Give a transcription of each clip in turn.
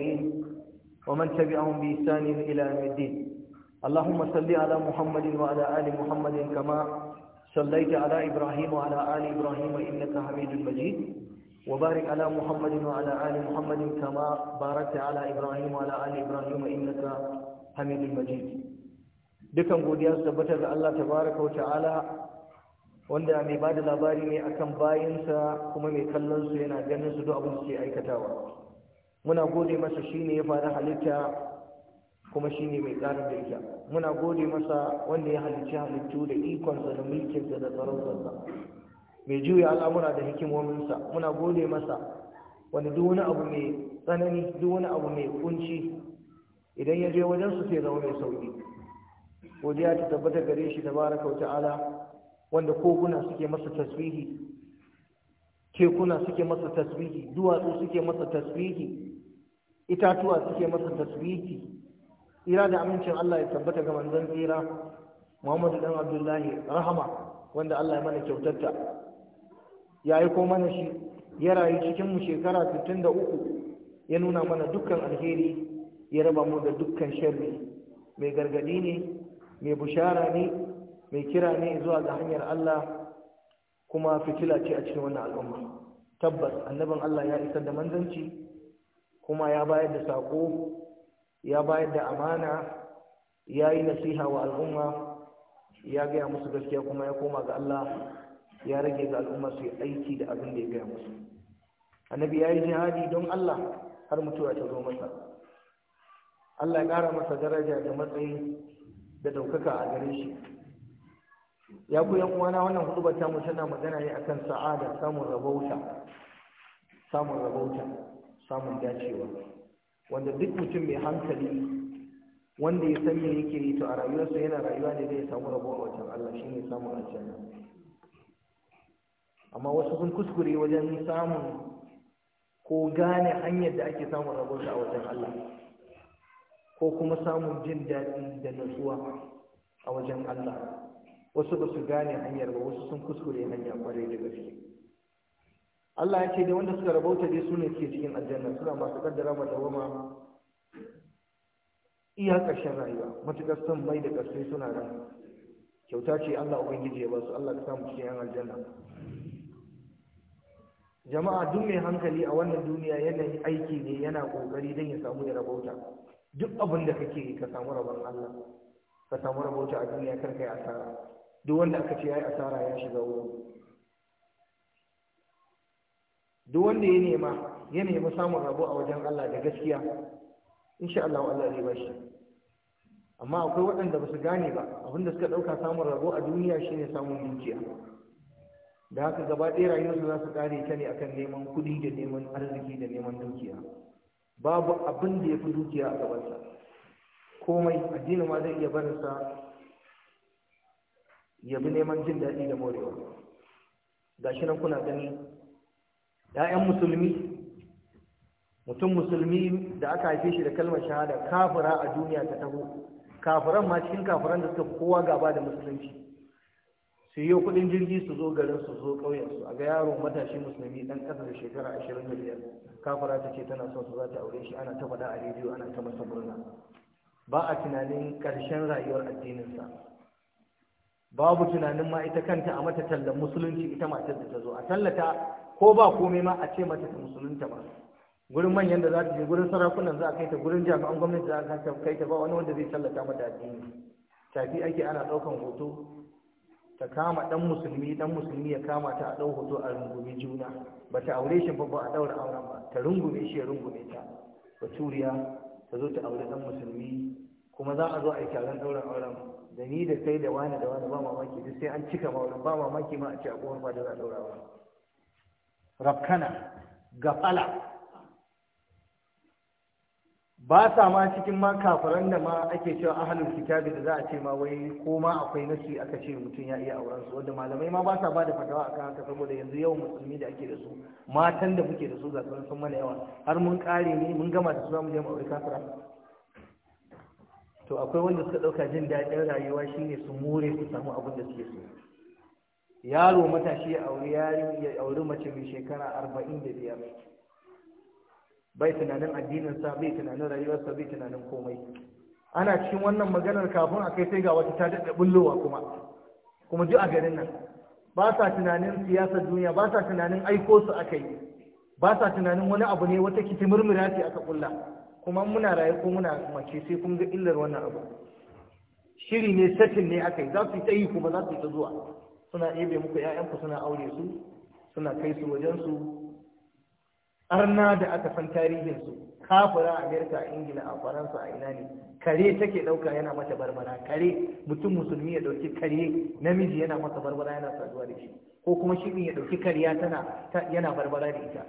والتابعين ومن تبعهم بإحسان إلى يوم الدين اللهم صل على محمد وعلى آل محمد كما صليت على إبراهيم وعلى آل إبراهيم إنك حميد مجيد وبارك على محمد وعلى آل محمد كما باركت على إبراهيم وعلى آل إبراهيم إنك حميد مجيد dukan godiya su tabbatar da Allah tabaraka wa ta'ala wanda mai ba da labari ne akan bayansa kuma mai kallon su yana ganin su duk abin da suke aikatawa muna gode masa shine ya fara halitta kuma shine mai tsarin ita muna gode masa wanda ya halicci halittu da ikonsa da mulkinsa da tsaronsa mai juya al'amura da hikimominsa muna gode masa wani duk wani abu mai tsanani duk wani abu mai kunci idan ya je wajen su sai zama mai sauki godiya ta tabbata gare shi da wa ta'ala wanda koguna suke masa tasbihi tekuna suke masa tasbihi duwatsu suke masa tasbihi itatuwa suke masa tasbihi ira da amincin Allah ya tabbata ga manzon tsira Muhammadu dan Abdullahi rahama wanda Allah ya mana kyautarta ya aiko mana shi ya rayu cikin mu shekara 63 ya nuna mana dukkan alheri ya raba mu da dukkan sharri mai gargadi ne mai bushara ne mai kira ne zuwa ga hanyar Allah kuma fitila ce a cikin wannan al'umma tabbas annaban Allah ya isar da manzanci kuma ya bayar da saƙo ya bayar da amana ya yi nasiha wa al'umma ya gaya musu gaskiya kuma ya koma ga Allah ya rage ga al'umma su yi aiki da abin da ya gaya musu annabi ya yi jihadi don Allah har mutuwa ta zo masa Allah ya ƙara masa daraja da matsayi da ɗaukaka a gare shi ya ku yan uwana wannan hudubar tamu tana magana ne akan sa'ada samun rabauta samun rabauta samun dacewa wanda duk mutum mai hankali wanda ya san me yake yi to a rayuwarsa yana rayuwa ne zai samu rabo a wajen Allah shi ne samun aljanna amma wasu sun kuskure wajen samun ko gane hanyar da ake samun rabonsa a wajen Allah ko kuma samun jin daɗi da nutsuwa a wajen Allah wasu ba su gane hanyar ba wasu sun kuskure hanya kwarai da gaske Allah ya ce da wanda suka rabauta dai su ne ke cikin aljanna suna masu kaddara ma dawama iya ƙarshen rayuwa matuƙar son mai da ƙarfi suna da. kyauta ce Allah ubangiji ya ba su Allah ka samu cikin yan aljanna jama'a duk mai hankali a wannan duniya yanayin aiki ne yana kokari don ya samu ya rabauta duk abin da kake ka samu rabon Allah ka samu rabauta a duniya kar kai asara duk wanda aka ce ya yi asara ya shiga wurin duk wanda ya nema ya nema samun rabo a wajen Allah da gaskiya insha Allah Allah zai ba amma akwai waɗanda ba su gane ba abinda suka ɗauka samun rabo a duniya shine samun dukiya da haka gaba ɗaya rayuwarsu za su ƙare ta ne akan neman kuɗi da neman arziki da neman dukiya babu abin da ya fi dukiya a gabansa komai addini ma zai iya barinsa ya bi neman jin daɗi da morewa ga shi nan kuna gani ‘ya'yan musulmi mutum musulmi da aka haife shi da kalmar shahada kafira a duniya ta taho kafiran ma cikin kafiran da suka kowa gaba da musulunci su yi kudin jirgi su zo garin su zo ƙauyensu a ga yaro matashi musulmi dan ƙasa da shekara ashirin da biyar kafara ta ce tana son su za ta aure shi ana ta faɗa a rediyo ana ta masa murna ba a tunanin ƙarshen rayuwar addininsa babu tunanin ma ita kanta a mata tallan musulunci ita matar da ta zo a tallata ko ba komai ma a ce mata ta musulunta ba gurin manyan da za ta je gurin sarakunan za a kai ta gurin jami'an gwamnati za a kai ta ba wani wanda zai tallata mata addini tafi ake ana ɗaukan hoto ta kama ɗan musulmi ɗan musulmi ya kama ta a ɗau hoto a rungume juna ba ta aure shi ba a ɗaura auren ba ta rungume shi ya rungume ta baturiya ta zo ta aure ɗan musulmi kuma za a zo a yi taron ɗaurin auren da ni da kai da wani da wani ba mamaki duk sai an cika maurin ba mamaki ma a ce a ba da za a daura ba. Rabkana. gafala ba sa ma cikin ma kafiran da ma ake cewa ahalin kitabi da za a ce ma wai ko ma akwai nasi aka ce mutum ya iya auren su wanda malamai ma ba sa ba da fatawa akan haka saboda yanzu yawan musulmi da ake da su matan da muke da su ga sun mana yawa har mun kare ne mun gama da su za mu je mu aure kafira to akwai wanda suka ɗauka jin daɗin rayuwa shine su more su samu abin da suke so yaro matashi ya auri yari ya auri mace mai shekara arba'in da biyar bai tunanin addinin sa bai tunanin rayuwarsa bai tunanin komai ana cikin wannan maganar kafin a kai sai ga wata ta daɗa bullowa kuma kuma ji a garin nan ba sa tunanin siyasar duniya ba sa tunanin aiko su aka yi ba sa tunanin wani abu ne wata kitimurmura ce aka kulla kuma muna rayu ko muna mace sai kun ga illar wannan abu shiri ne satin ne aka yi za su yi ta ba za su yi ta zuwa suna ɗebe muku ƴaƴanku suna aure su suna kai su wajen su arna da aka san tarihin su kafura a amerika a ingila a faransa a ina ne kare take ɗauka yana mata barbara kare mutum musulmi ya ɗauki kare namiji yana mata barbara yana saduwa da shi ko kuma shirin ya ɗauki kariya tana yana barbara da ita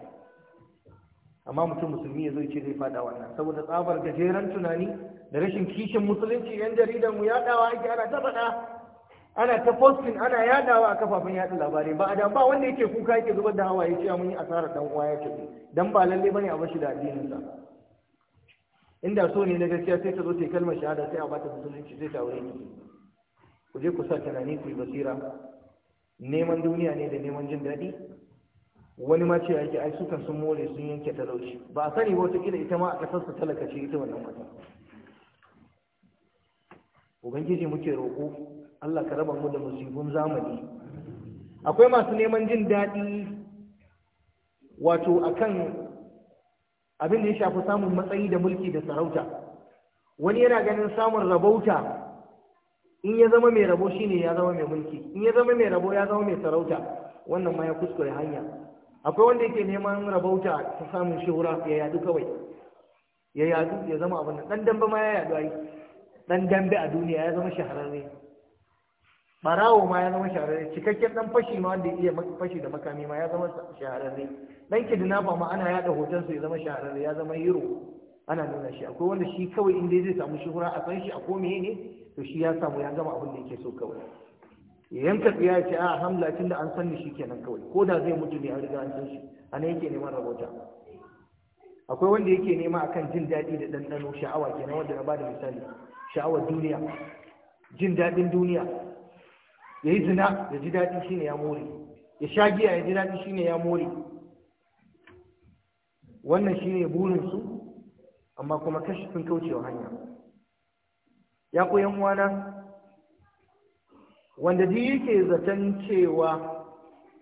amma mutum musulmi ya zo ce zai fada wannan saboda tsabar gajeren tunani da rashin kishin musulunci yan jaridar mu yadawa ake ana ta faɗa ana ta posting ana yadawa a kafafen yaɗa labarai ba a ba wanda yake kuka yake zubar da hawaye cewa mun yi asara dan uwa ya ce dan ba lalle bane a bashi da addinin sa inda so ne na gaskiya sai ta zo ta kalmar shahada sai a bata musulunci sai ta wuri ku je ku sa tunani ku yi basira neman duniya ne da neman jin daɗi wani ma ce yake ai sukan sun more sun yanke talauci ba a sani ba wataƙila ita ma a ƙasarsa talaka ce ita wannan mata ubangiji muke roƙo allah ka raba mu da musibun zamani akwai masu neman jin daɗi wato akan abin da ya shafi samun matsayi da mulki da sarauta wani yana ganin samun rabauta in ya zama mai rabo shine ya zama mai mulki in ya zama mai rabo ya zama mai sarauta wannan ma ya kuskure hanya akwai wanda yake neman rabauta ta samun shahura ya yadu kawai ya yadu ya zama abin nan dan dambe ma ya yadu ai dan dambe a duniya ya zama shahararre barawo ma ya zama shahararre cikakken dan fashi ma wanda iya fashi da makami ma ya zama shahararre dan ba ma ana yada hoton su ya zama shahararre ya zama hero ana nuna shi akwai wanda shi kawai inda zai samu shuhura a san shi a ko ne to shi ya samu ya gama abin da yake so kawai ya yanka ya ce a hamla tun da an san shi kenan kawai ko da zai mutu ne a riga an san shi a nan yake neman rabota akwai wanda yake nema akan jin daɗi da ɗanɗano sha'awa kenan wanda na bada misali sha'awar duniya jin daɗin duniya ya yi zina ya ji daɗi shine ya more ya sha giya ya ji daɗi shine ya more wannan shine burinsu amma kuma kashi sun kaucewa hanya ya koyan wana. wanda ji yake zaton cewa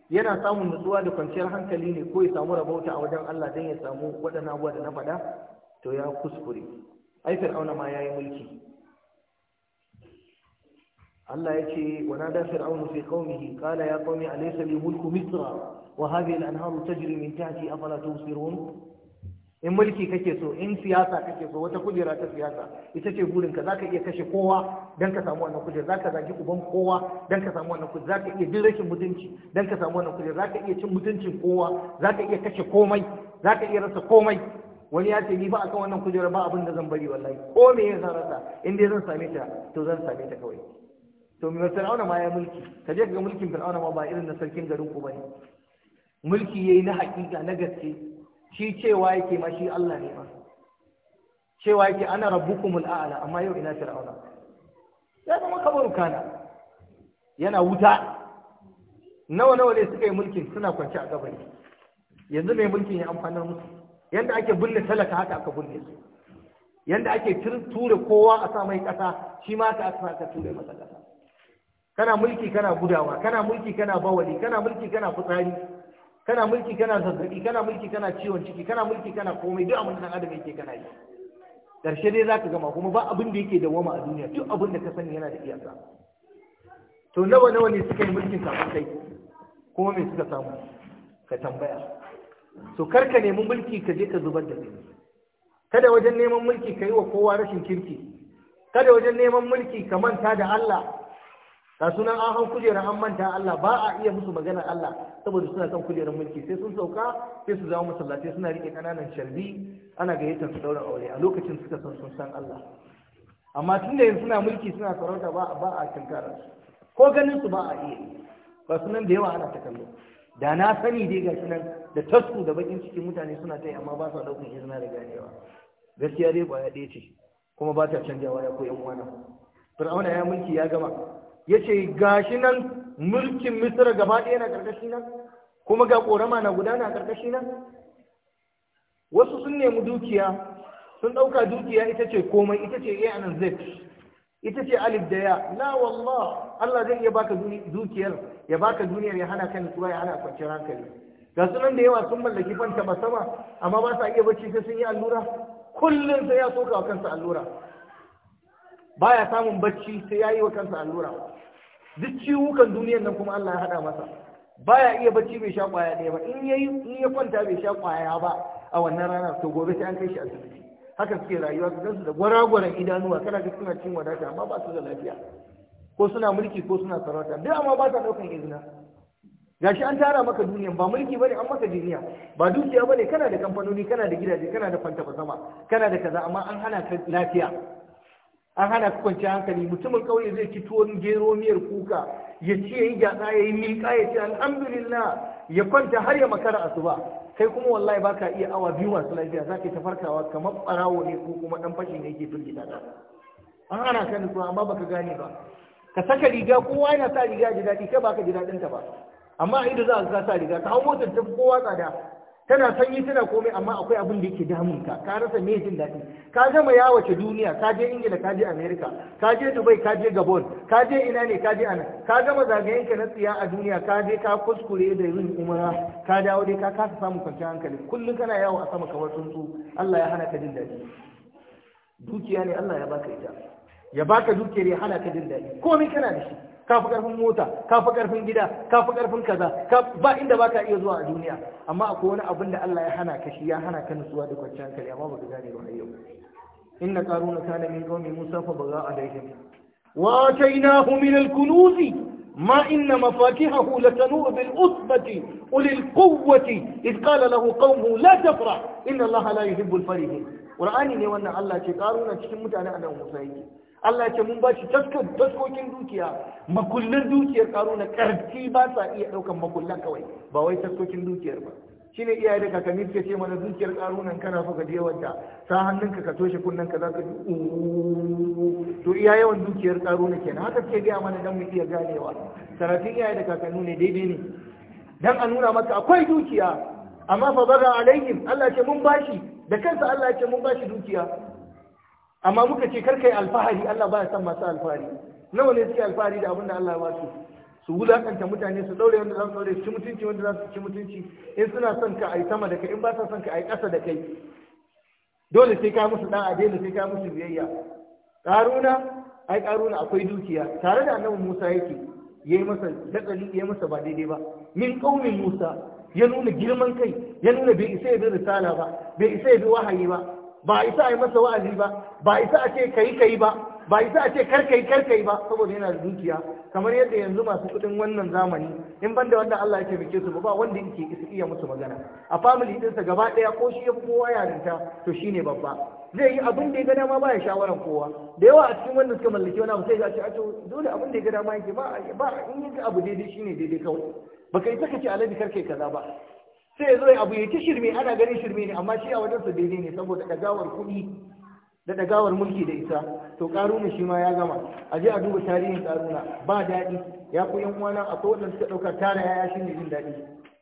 yana samun nutsuwa da kwanciyar hankali ne ko ya samu rabauta a wajen Allah don ya samu waɗannan abuwa na faɗa to ya kuskure ai fir'auna ma ya yi mulki Allah ya ce wa nada auna fi qaumihi qala ya qaumi alaysa li mulku misra wa hadhihi al-anharu tajri min tahti afala in mulki kake so in siyasa kake so wata kujera ta siyasa ita ce burinka zaka iya kashe kowa dan ka samu wannan kujera zaka zagi uban kowa dan ka samu wannan kujera zaka iya jin rashin mutunci dan ka samu wannan kujera zaka iya cin mutuncin kowa zaka iya kashe komai zaka iya rasa komai wani ya ce ni ba a kan wannan kujera ba abin da zan bari wallahi ko me ya san rasa in dai zan same ta to zan same ta kawai to mai fir'auna ma ya mulki ka je ga mulkin fir'auna ma ba irin na sarkin garin ku bane mulki yayi na hakika na gaske shi cewa yake ma shi Allah ne ba cewa yake ana rabbukumul a'la amma yau ina fir'auna ya zama kabar kana yana wuta nawa nawa ne suka yi mulkin suna kwance a kabari yanzu mai mulkin ya amfanar musu yanda ake bulle talaka haka aka bulle. su yanda ake ture kowa a sa mai kasa shi ma aka ka ture masa kasa kana mulki kana gudawa kana mulki kana bawali kana mulki kana fitsari kana mulki kana zazzabi kana mulki kana ciwon ciki kana mulki kana komai duk abin da dan adam yake kana yi karshe dai zaka gama kuma ba abin da yake da wama a duniya duk abin da ka sani yana da iyaka to nawa nawa ne suka yi mulkin kafin kai kuma me suka samu ka tambaya to karka nemi mulki ka je ka zubar da kai kada wajen neman mulki ka yi wa kowa rashin kirki kada wajen neman mulki ka manta da Allah ka sunan an hau kujerar an manta Allah ba a iya musu maganar Allah saboda suna kan kujerar mulki sai sun sauka sai su zama masallaci suna rike kananan sharbi ana gayyatar su daura aure a lokacin suka san sun san Allah amma tun da yanzu suna mulki suna sarauta ba ba a tunkarar ko ganin su ba a iya ba sunan da yawa ana ta kallo da na sani dai ga sunan da tasku da bakin cikin mutane suna ta amma ba sa daukan izina da ganewa gaskiya dai ba ya ɗaya ce kuma ba ta canjawa ya ko yan uwana fir'auna ya mulki ya gama ya ce ga shi nan mulkin misira gaba ɗaya na ƙarƙashi nan kuma ga ƙorama na gudana a ƙarƙashi nan wasu sun nemi dukiya sun ɗauka dukiya ita ce komai ita ce a nan zai ita ce alif da ya la wallah Allah zai iya baka dukiyar ya baka duniyar ya hana kan nutsuwa ya hana kwanciyar hankali ga sunan da yawa sun mallaki fanta ba sama amma ba sa iya bacci sai sun yi allura kullum sai ya soka wa kansa allura baya samun bacci sai yayi wa kansa allura duk ciwukan duniyar nan kuma Allah ya hada masa baya iya bacci bai sha kwaya ɗaya ba in yayi in ya kwanta bai sha kwaya ba a wannan rana to gobe sai an kai shi asibiti haka suke rayuwa su gansu da gwaragwaran idanuwa kana ga suna cin wadata amma ba su da lafiya ko suna mulki ko suna sarauta duk amma ba sa daukan izina gashi an tara maka duniyan ba mulki bane an maka duniya ba dukiya bane kana da kamfanoni kana da gidaje kana da fanta sama kana da kaza amma an hana ka lafiya an hana ka kwanci hankali mutumin kauye zai ci tuwon gero miyar kuka ya ci yayi ya yi milka ya ce alhamdulillah ya kwanta har ya makara asuba kai kuma wallahi baka iya awa biyu masu lafiya za ka tafarkawa kamar ɓarawo ne ko kuma ɗan fashi ne yake firgita ka an hana ka nutsuwa amma baka gane ba ka saka riga kowa yana sa riga ji daɗi kai baka ji daɗinta ba amma a ido za ka sa riga ka hau motar ta kowa tsada tana sanyi tana komai amma akwai abin da yake damun ka ka rasa me jin daɗi ka gama yawace duniya ka je ingila ka je america ka je dubai ka je gabon ka je ina ne ka je ana ka gama zagayen ka na tsiya a duniya ka je ka kuskure da yin umara ka dawo dai ka kasa samun kwanciyar hankali kullum kana yawo a sama kamar tsuntsu Allah ya hana ka jin daɗi dukiya ne Allah ya baka ita ya baka dukiyar ya hana ka jin daɗi komai kana da shi ka fi karfin mota ka fi karfin gida ka fi karfin kaza ba inda ba ka iya zuwa a duniya amma akwai wani abin da Allah ya hana ka shi ya hana ka nutsuwa da kwanciyar hankali amma ba ka gane ba yau inna qaruna kana min qaumi musa fa baga alaihim wa atainahu min al-kunuz ما إن مفاتحه لتنوء بالأصبة أولي القوة إذ قال له قومه لا تفرح إن الله لا يحب الفرحين قرآن ne wannan Allah ce ƙaruna cikin mutane annabi Musa yake Allah ya ce mun ba shi taskokin dukiya makullin dukiyar na karfi ba sa iya ɗaukan makullan kawai ba wai taskokin dukiyar ba Shi shine iyaye da kakanni suke ce mana dukiyar karunan kana fa gaje wanda sa hannunka ka toshe kunnen ka zaka ji to iya yawan dukiyar karuna kenan haka suke gaya mana dan mu iya ganewa sarafin iyaye da kakanni ne daidai ne dan a nuna maka akwai dukiya amma fa baga alaihim Allah ya ce mun bashi da kansa Allah ya ce mun bashi dukiya amma muka ce kar yi alfahari Allah ba ya san masu alfahari nawa ne suke alfahari da abin da Allah ya ba su su wulakanta mutane su daure wanda za su daure su mutunci wanda za su ci mutunci in suna son ka ai sama da kai in ba sa son ka ai ƙasa da kai dole sai ka musu dan dole sai ka musu biyayya karuna ai karuna akwai dukiya tare da annabi Musa yake yayi masa ya yayi masa ba daidai ba min qaumin Musa ya nuna girman kai ya nuna bai isa ya bi risala ba bai isa ya bi wahayi ba ba a isa a yi masa wa'azi ba ba isa a ce kai kai ba ba isa a ce karkai karkai ba saboda yana da dukiya kamar yadda yanzu masu kudin wannan zamani in banda wanda Allah ya bike su ba wanda yake iya musu magana a family sa gaba daya ko shi ya kowa yarinta to shine babba zai yi abin da ya ga dama baya shawaran kowa da yawa a cikin wanda suka mallaki wani abu sai ya ce a to dole abin da ya ga dama yake ba in yi abu daidai shine daidai kawai baka yi saka ce alaji karkai kaza ba sai zo abu ya ci shirme ana ganin shirme ne amma shi a wajen su daidai ne saboda dagawar kuɗi da dagawar mulki da isa. to karuna shi ma ya gama a je a duba tarihin karuna ba daɗi ya ku yan uwana akwai waɗanda suka ɗauka tara yaya shi ne jin daɗi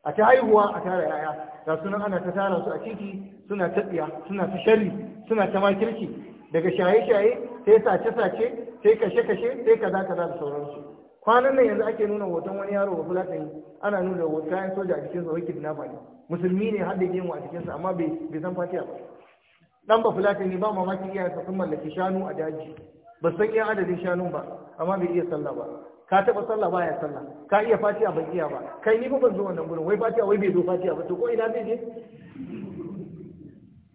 a ta haihuwa a tara yaya ga sunan ana ta tara su a ciki, suna ta suna ta sharri suna ta makirki daga shaye-shaye sai sace-sace sai kashe-kashe sai kaza kaza da sauransu kwanan nan yanzu ake nuna hoton wani yaro ba ne ana nuna kayan soja a cikinsu wai kidnapper ne musulmi ne har da yin a cikinsa amma bai san fatiya ba dan ba ne ba mamakin iya sun mallaki shanu a daji ba san iya adadin shanu ba amma bai iya sallah ba ka taɓa sallah ba ya sallah ka iya fatiya ban iya ba kai ni ba ban zo wannan gurin wai fatiya wai bai zo fatiya ba to ko ina zai je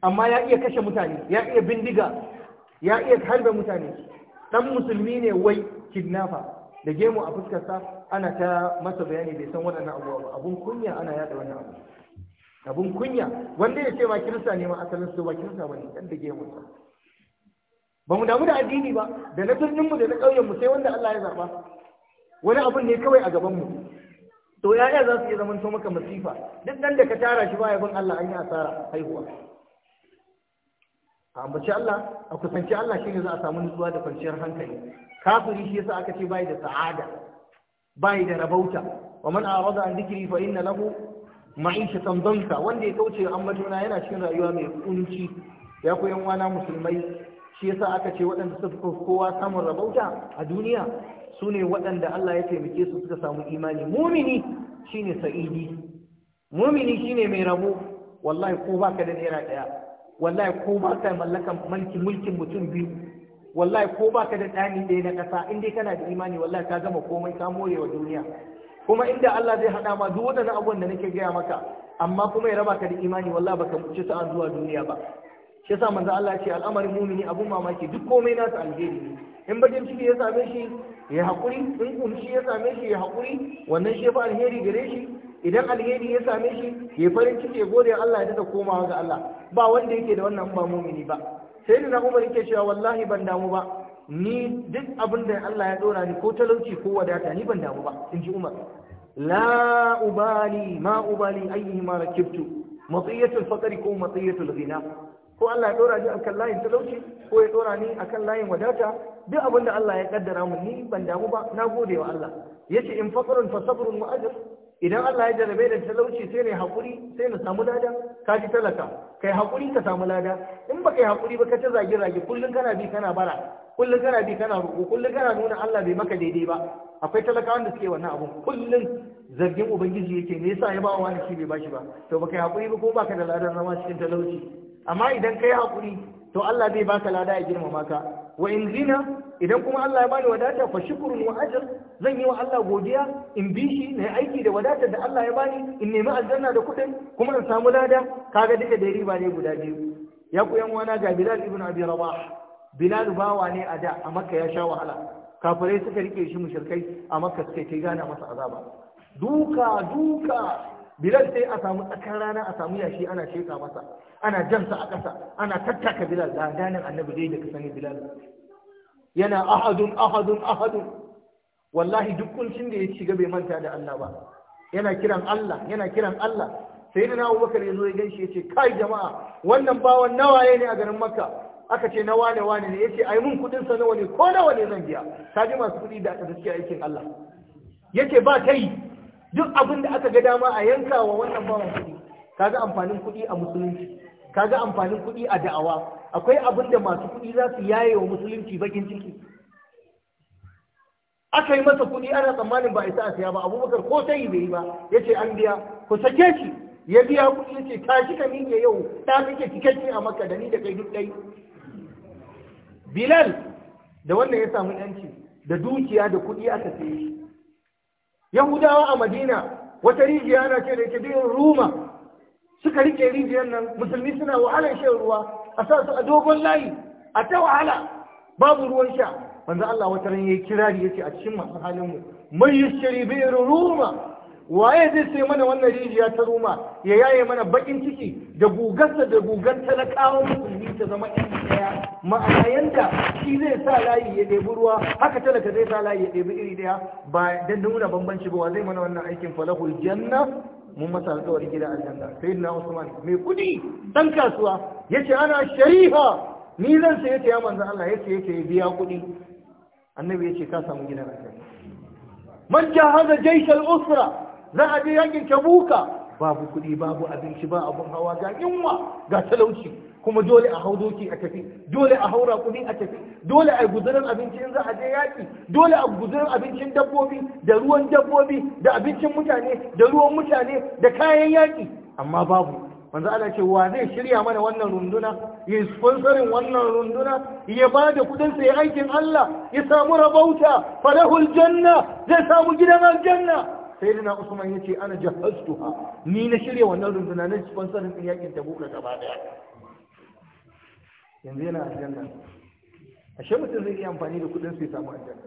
amma ya iya kashe mutane ya iya bindiga ya iya harbe mutane dan musulmi ne wai kidnapper da gemu a fuskarsa ana ta masa bayani bai san waɗannan abubuwa ba abun kunya ana yada wani abu abun kunya wanda ya ce ma kirista ne ma asalin su ba kirista ba ne dan da gemu ba mu damu da addini ba da na birnin mu da na ƙauyen mu sai wanda Allah ya zaba wani abun ne kawai a gaban mu to yaya za su iya zaman to maka masifa duk dan da ka tara shi baya bin Allah an yi asara haihuwa a ambaci Allah a kusanci Allah shine za a samu nutsuwa da kwanciyar hankali kafiri shi yasa aka ce bai da sa'ada bai da rabauta wa man arada an dhikri fa inna lahu ma'ishatan danka wanda ya kauce ambatona yana cikin rayuwa mai kunci ya ku wana musulmai shi yasa aka ce waɗanda suka kowa samun rabauta a duniya su ne waɗanda Allah ya taimake su suka samu imani mumini shine sa'idi mumini shine mai rabo wallahi ko baka da naira ɗaya wallahi ko baka mallakan mulkin mutum biyu wallahi ko baka da ɗani ɗaya na ƙasa in kana da imani wallahi ka gama komai ka more wa duniya kuma inda Allah zai haɗa ma duk waɗannan abubuwan da nake gaya maka amma kuma ya raba ka da imani wallahi baka ci sa'a zuwa duniya ba shi yasa manzo Allah ce al'amarin mumini abun mamaki duk komai nasu alheri in bakin ciki ya same shi ya haƙuri in kunshi ya same shi ya haƙuri wannan shi fa alheri gare shi idan alheri ya same shi ya farin ciki ya gode Allah ya dada komawa ga Allah ba wanda yake da wannan ba mumini ba sai na umar yake cewa wallahi ban damu ba ni duk abin da Allah ya dora ni ko talauci ko wadata ni ban damu ba in ji umar la ubali ma ubali ayyuhuma rakibtu matiyatul faqri ko matiyatul ghina ko Allah ya dora ni akan layin talauci ko ya dora ni akan layin wadata duk abin da Allah ya kaddara mun ni ban damu ba na gode wa Allah yace in faqrun fa sabrun idan Allah ya jarabe da talauci sai ne haƙuri sai na samu lada ka ji talaka kai hakuri ka samu lada in ba kai haƙuri ba ka ta zage zage kullum kana bi kana bara kullum kana bi kana ruku kullum kana nuna Allah bai maka daidai ba akwai talakawan da suke wannan abun kullum zargin ubangiji yake me yasa ya ba wani shi bai bashi ba to ba kai hakuri ba ko baka da ladan zama cikin talauci amma idan kai hakuri to Allah zai baka lada ya girmama ka wa in zina idan kuma Allah ya bani wadata fa shukrun wa ajr zan yi wa Allah godiya in bi shi na aiki da wadatar da Allah ya bani in nemi aljanna da kuɗin kuma in samu lada kaga duka da riba ne guda biyu ya ku yan wana ga Bilal ibn Abi Rabah Bilal bawa ne a da a Makka ya sha wahala kafirai suka rike shi mushrikai a Makka suka kai gana masa azaba duka duka bilal sai a samu tsakar rana a samu yashi ana sheka masa ana jansa a ƙasa ana tattaka bilal da ganin annabi dai da ka sani bilal yana ahadun ahadun ahadun wallahi duk kuncin da ya shiga bai manta da Allah ba yana kiran Allah yana kiran Allah sai da Abu Bakar ya zo ya ganshi ya ce kai jama'a wannan bawan nawaye ne a garin Makka aka ce na wane wane ne yace ai mun kudin sa nawa ne ko nawa ne zan biya ji masu kudi da aka suke aikin Allah yace ba kai duk abin da aka ga dama a yanka wa wannan bawan kuɗi kaga amfanin kuɗi a musulunci kaga amfanin kuɗi a da'awa akwai abin da masu kuɗi za su yaye wa musulunci bakin ciki aka yi masa kuɗi ana tsammanin ba a isa a siya ba abubakar ko sai bai yi ba ya ce an biya ku sake shi ya biya kuɗi ya ce tashi ka miƙe yau ta kake cikakke a maka da ni da kai duk ɗai bilal da wannan ya samu yanci da dukiya da kuɗi aka saye shi yahudawa a madina wata rijiya na ce da ita ruma suka rike rijiyar nan musulmi suna wahalar shan ruwa a sa su a dogon layi a ta wahala babu ruwan sha manzo Allah wata ran yayi kirari yace a cikin masu halin mu mai yashri bi ruma waye zai sai mana wannan rijiya ta ruma ya yaye mana bakin ciki da gugarsa da gugar talakawa musulmi ta zama yan daya ma'ana yanda shi zai sa layi ya ɗebi ruwa haka talaka zai sa layi ya ɗebi iri daya ba don nuna bambanci ba zai mana wannan aikin falahul janna mun masa alƙawarin gida aljanna na usman mai kudi dan kasuwa Ya ce ana shariha ni zan sai ce ya manzo Allah ya ce ya biya kuɗi. annabi ce ka samu gidan aljanna man jahaza jaysh al-usra za a je yakin tabuka babu kuɗi babu abinci ba abun hawa ga yunwa ga talauci kuma dole a hau doki a tafi dole a haura kuɗi a tafi dole a guzurin in za a je yaƙi, dole a guzurin abincin dabbobi da ruwan dabbobi da abincin mutane da ruwan mutane da kayan yaƙi. amma babu manzo Allah ce wa zai shirya mana wannan runduna ya sponsorin wannan runduna ya ba da kuɗin sa ya aikin Allah ya samu rabauta falahul janna zai samu gidan aljanna sayyidina usman ya ce ana jahastuha ni na shirya wannan runduna na sponsor din yakin tabuk da gaba daya yanzu yana aljanna ashe mutum zai iya amfani da kudin sai samu aljanna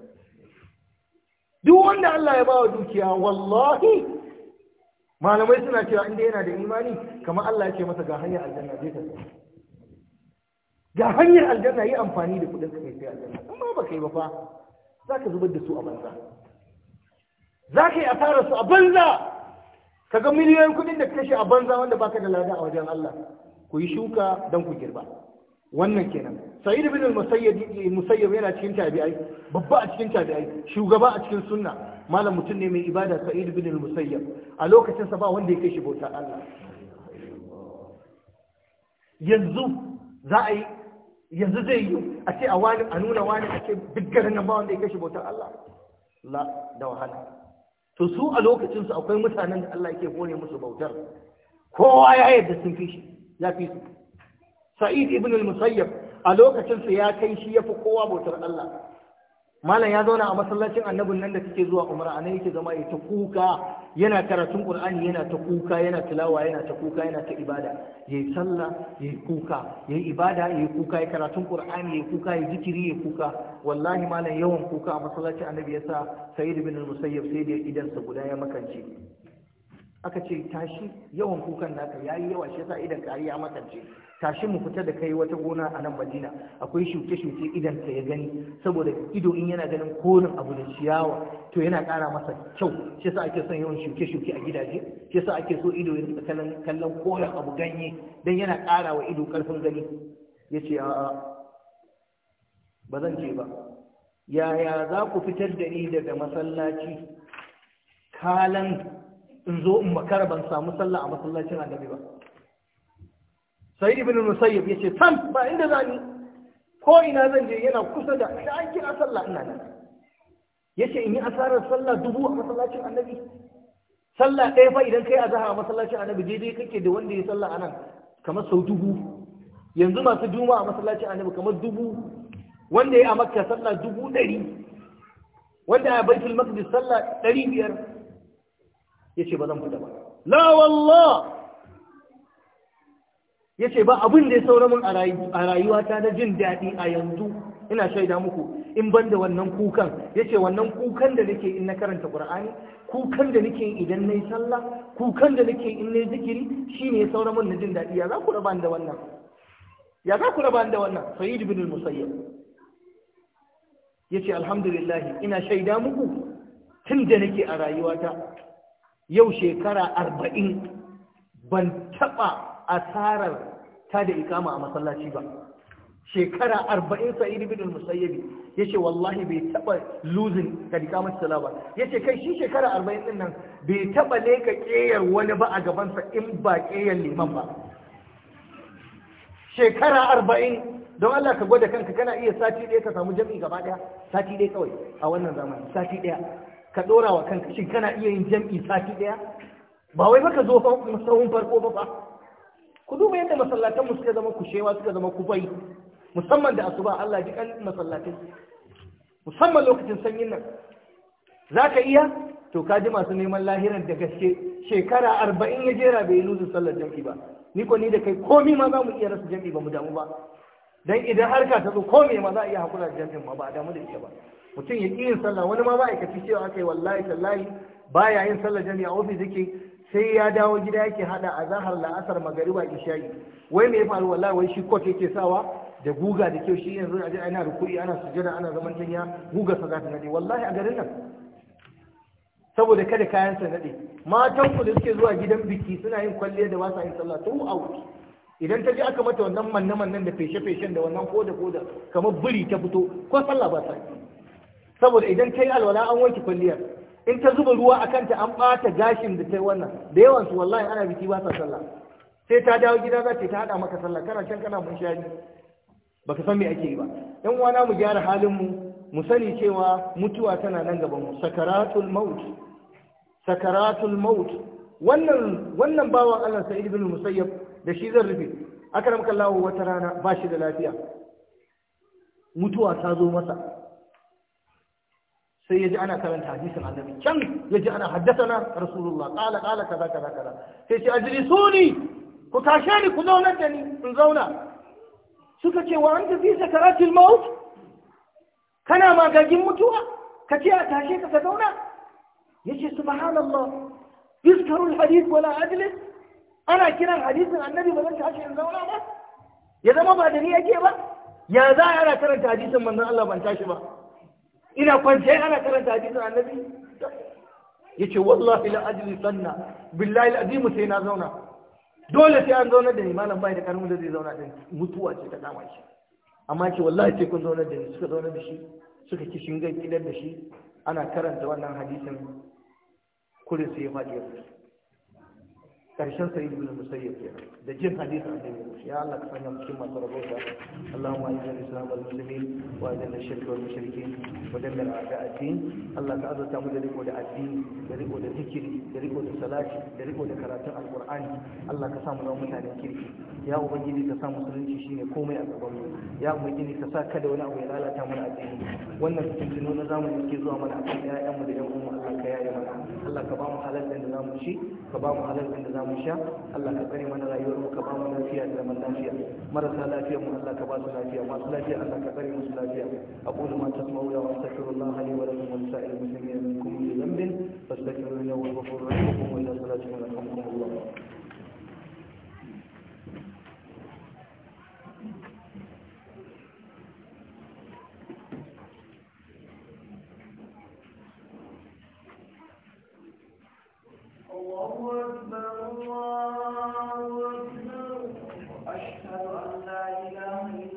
duk wanda Allah ya ba wa dukiya wallahi malamai suna cewa inda yana da imani kamar Allah ya ce masa ga hanyar aljanna zai ta ga hanyar aljanna yi amfani da kudin kai sai aljanna amma ba kai ba fa zaka zubar da su a banza za ka yi asarar su a banza ka ga miliyoyin kuɗin da kashe a banza wanda baka da lada a wajen Allah ku yi shuka don ku girba wannan kenan sa'id bin musayyab yana cikin tabi'ai babba a cikin tabi'ai shugaba a cikin sunna malam mutum ne mai ibada sa'id bin musayyab a lokacin sa ba wanda ya kashe bauta Allah yanzu za a yi yanzu zai yi a ce a wani a nuna wani a ce duk nan ba wanda ya kashe bautar Allah la da wahala to su a lokacin su akwai mutanen da Allah yake gore musu bautar kowa ya yadda sun fi shi ya fi su sa'id ibn al-musayyab a lokacin su ya kai shi yafi kowa bautar Allah malam ya zauna a masallacin annabin nan da take zuwa umra anan yake zama ya ta kuka yana karatun qur'ani yana ta kuka yana tilawa yana ta kuka yana ta ibada yayi sallah yayi kuka yayi ibada yayi kuka yayi karatun qur'ani yayi kuka yayi zikiri yayi kuka wallahi malam yawan kuka a masallaci annabi ya sa sayyid ibn al-musayyib sai da idan sa guda ya makance aka ce tashi yawan kukan naka yayi yawa shi yasa idan kariya ya makance tashi mu fita da kai wata gona a nan Madina akwai shuke-shuke idan ka ya gani saboda ido in yana ganin korin abu da ciyawa to yana kara masa kyau shi yasa ake son yawan shuke-shuke a gidaje shi yasa ake so ido ya kallon kallon koren abu ganye dan yana kara wa ido karfin gani yace a'a ba zan je ba yaya za ku fitar da ni daga masallaci kalan in zo in makara ban samu sallah a masallacin annabi ba sai ibn musayyib yace sam ba inda zani ko ina zan je yana kusa da da an kira sallah ina nan yace in yi asarar sallah dubu a masallacin annabi sallah ɗaya fa idan kai azhar a masallacin annabi daidai kake da wanda ya sallah anan kamar sau dubu yanzu masu juma'a a masallacin annabi kamar dubu wanda ya a makka sallah dubu ɗari wanda a baitul maqdis sallah ɗari biyar ya ce ba zan fita ba la wallah ya ce ba abin da ya saura min a rayuwata na jin daɗi a yanzu ina shaida muku in ban da wannan kukan ya ce wannan kukan da nake in na karanta ƙur'ani kukan da nake idan na yi sallah kukan da nake in na yi zikiri shi ne ya saura min na jin daɗi ya za ku raba da wannan ya za ku raba da wannan sa'id bin musayyab yace alhamdulillah ina shaida muku tun da nake a rayuwata yau shekara arba'in ban taɓa asarar ta da ikama a masallaci ba shekara arba'in sa'id ibn musayyabi yace wallahi bai taɓa losing ta ikamar sala ba yace kai shi shekara arba'in din nan bai taɓa leka ƙeyar wani ba a gabansa in ba ƙeyar liman ba shekara arba'in don Allah ka gwada kanka kana iya sati ɗaya ka samu jam'i gaba ɗaya sati ɗaya kawai a wannan zamani sati ɗaya ka ɗora wa kanka shin kana iya yin jam'i sati ɗaya ba wai baka zo sahun farko ba ba ku duba yadda masallatanmu suka zama kushewa suka zama kufai musamman da asuba Allah ji kan masallatai musamman lokacin sanyin nan za ka iya to ka ji masu neman lahiran da gaske shekara arba'in ya jera bai luzin sallar jam'i ba ni ko ni da kai komi ma za mu iya rasa jam'i ba mu damu ba dan idan harka ta zo ko me ma za a iya hakura da jami'in ma ba a damu da ita ba mutum ya yin sallah wani ma ma'aikaci cewa aka yi wallahi tallahi baya yin sallah jami'a ofis yake sai ya dawo gida yake hada a zahar la'asar magariba isha'i wai me ya faru wallahi wai shi kot yake sawa da guga da kyau shi yanzu a je ana rukuri ana sujada ana zaman jinya, guga sa za ta nade wallahi a garin nan saboda kada kayan sa nade matan ku da suke zuwa gidan biki suna yin kwalliya da ba sa yin sallah tun a idan ta je aka mata wannan manne mannen da feshe feshen da wannan koda koda kamar buri ta fito ko sallah ba sai saboda idan ta yi alwala an wanke kwalliyar in ta zuba ruwa a kanta an bata gashin da ta yi wannan da yawan su wallahi ana biki ba sa sallah sai ta dawo gida za ta hada maka sallah kana shan kana mun shari baka san me ake yi ba yan uwana mu gyara halin mu mu sani cewa mutuwa tana nan gaban mu sakaratul maut sakaratul maut wannan wannan bawan Allah Sa'id ibn Musayyab da shi zan rufe akaram lawo wata rana ba shi da lafiya mutuwa ta zo masa sai ya ji ana karanta hadisin annabi can ya ji ana haddasana rasulullah qala qala kaza kaza kaza sai ce ajlisuni ku tashe ni ku zauna da ni in zauna suka ce wa anta fi sakaratil maut kana magagin mutuwa ka ce a tashe ka ka zauna yace subhanallah yuzkarul hadith wala ajlis ana kiran hadisin annabi ba zan tashi in zauna ba ya zama ba da ni yake ba ya za ana karanta hadisin manzon Allah ban tashi ba ina kwance ana karanta hadisin annabi yace wallahi la ajli sanna billahi alazim sai na zauna dole sai an zauna da ni malam bai da karmu da zai zauna din mutuwa ce ta kama shi amma ce wallahi sai kun zauna da ni suka zauna da shi suka ki shingan gidan da shi ana karanta wannan hadisin kurin sai ya faɗi ya karshen sai ibn musayyib kenan da jin hadisi annabi ya Allah ka sanya cikin masu rabota Allahumma ajina al-islam wal muslimin wa ajina ash-shirka wal mushrikin wa dammir a'da ad Allah ka azurta mu da riko da addini da riko da zikiri da riko da salati da riko da karatun alqur'ani Allah ka sa mu zama mutanen kirki ya ubangiji ka sa musulunci shine komai a gaban mu ya ubangiji ka sa kada wani abu ya lalata mana addini wannan fitintino na zamani ke zuwa mana a akan ƴaƴanmu da ƴan uwanmu Allah ka yaye mana Allah ka ba mu halal da zamu ci ka ba mu halalin da za mu sha Allah ka tsare mana rayuwar mu ka ba mu lafiya da zaman lafiya marasa lafiya mu Allah ka ba su lafiya masu lafiya Allah ka tsare musu lafiya aqulu ma tasma'una wa astaghfirullah li wa lakum wa lisa'il muslimin min kulli dhanbin fastaghfiruhu innahu huwal ghafurur rahim wa ila salatikum أشهد أن لا إله إلا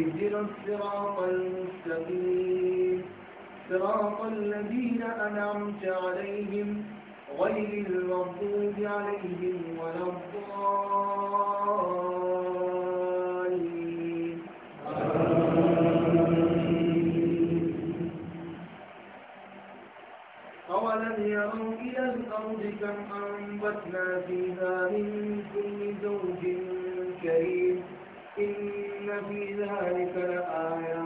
اهدنا الصراط المستقيم صراط الذين أنعمت عليهم غير المغضوب عليهم ولا الضالين أولم يروا إلى الأرض كم أنبتنا فيها من كل زوج كريم إن في ذلك لآية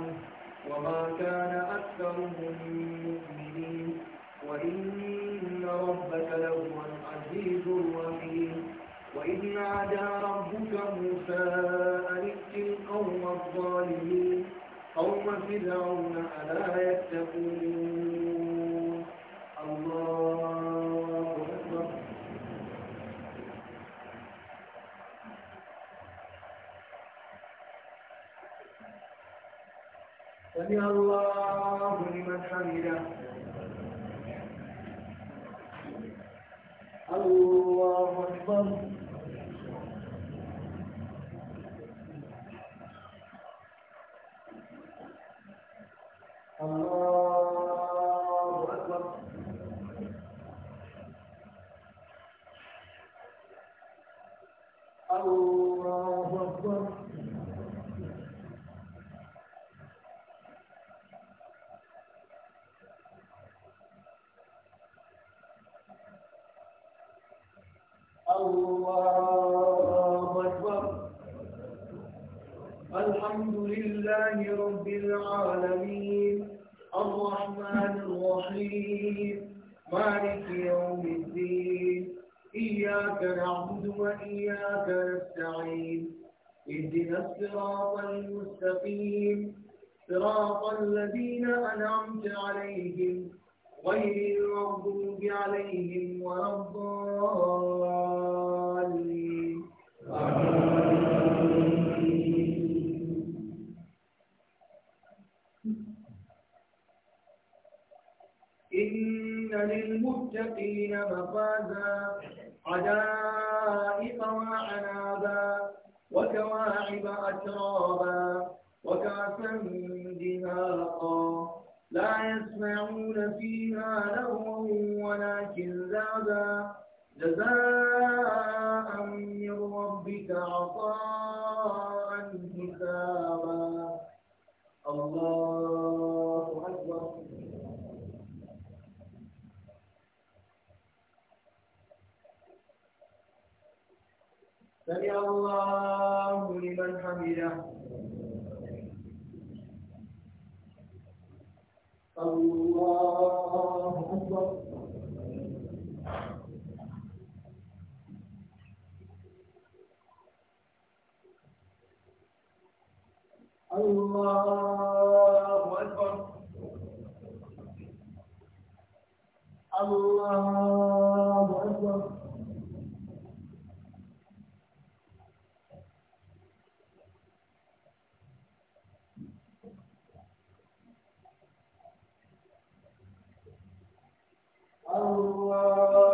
وما كان أكثرهم مؤمنين وإن ربك لهو العزيز الرحيم وإذ نادى ربك موسى أن القوم الظالمين قوم فرعون ألا يتقون سمع الله لمن حمده مستقيم صراط الذين أنعمت عليهم غير المغضوب عليهم ولا الضالين إن للمتقين مفازا حدائق وعنابا وكواعب أترابا وكأسا دهاقا لا يسمعون فيها لغوا ولا كذابا جزاء من ربك عطاء حسابا الله أكبر سمع الله لمن حمده Allah Allah الله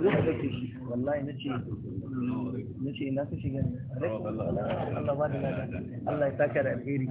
zo ka ɗauke shi wallahi na ce na ce na ka shiga ne Allah ba da Allah ya saka da alheri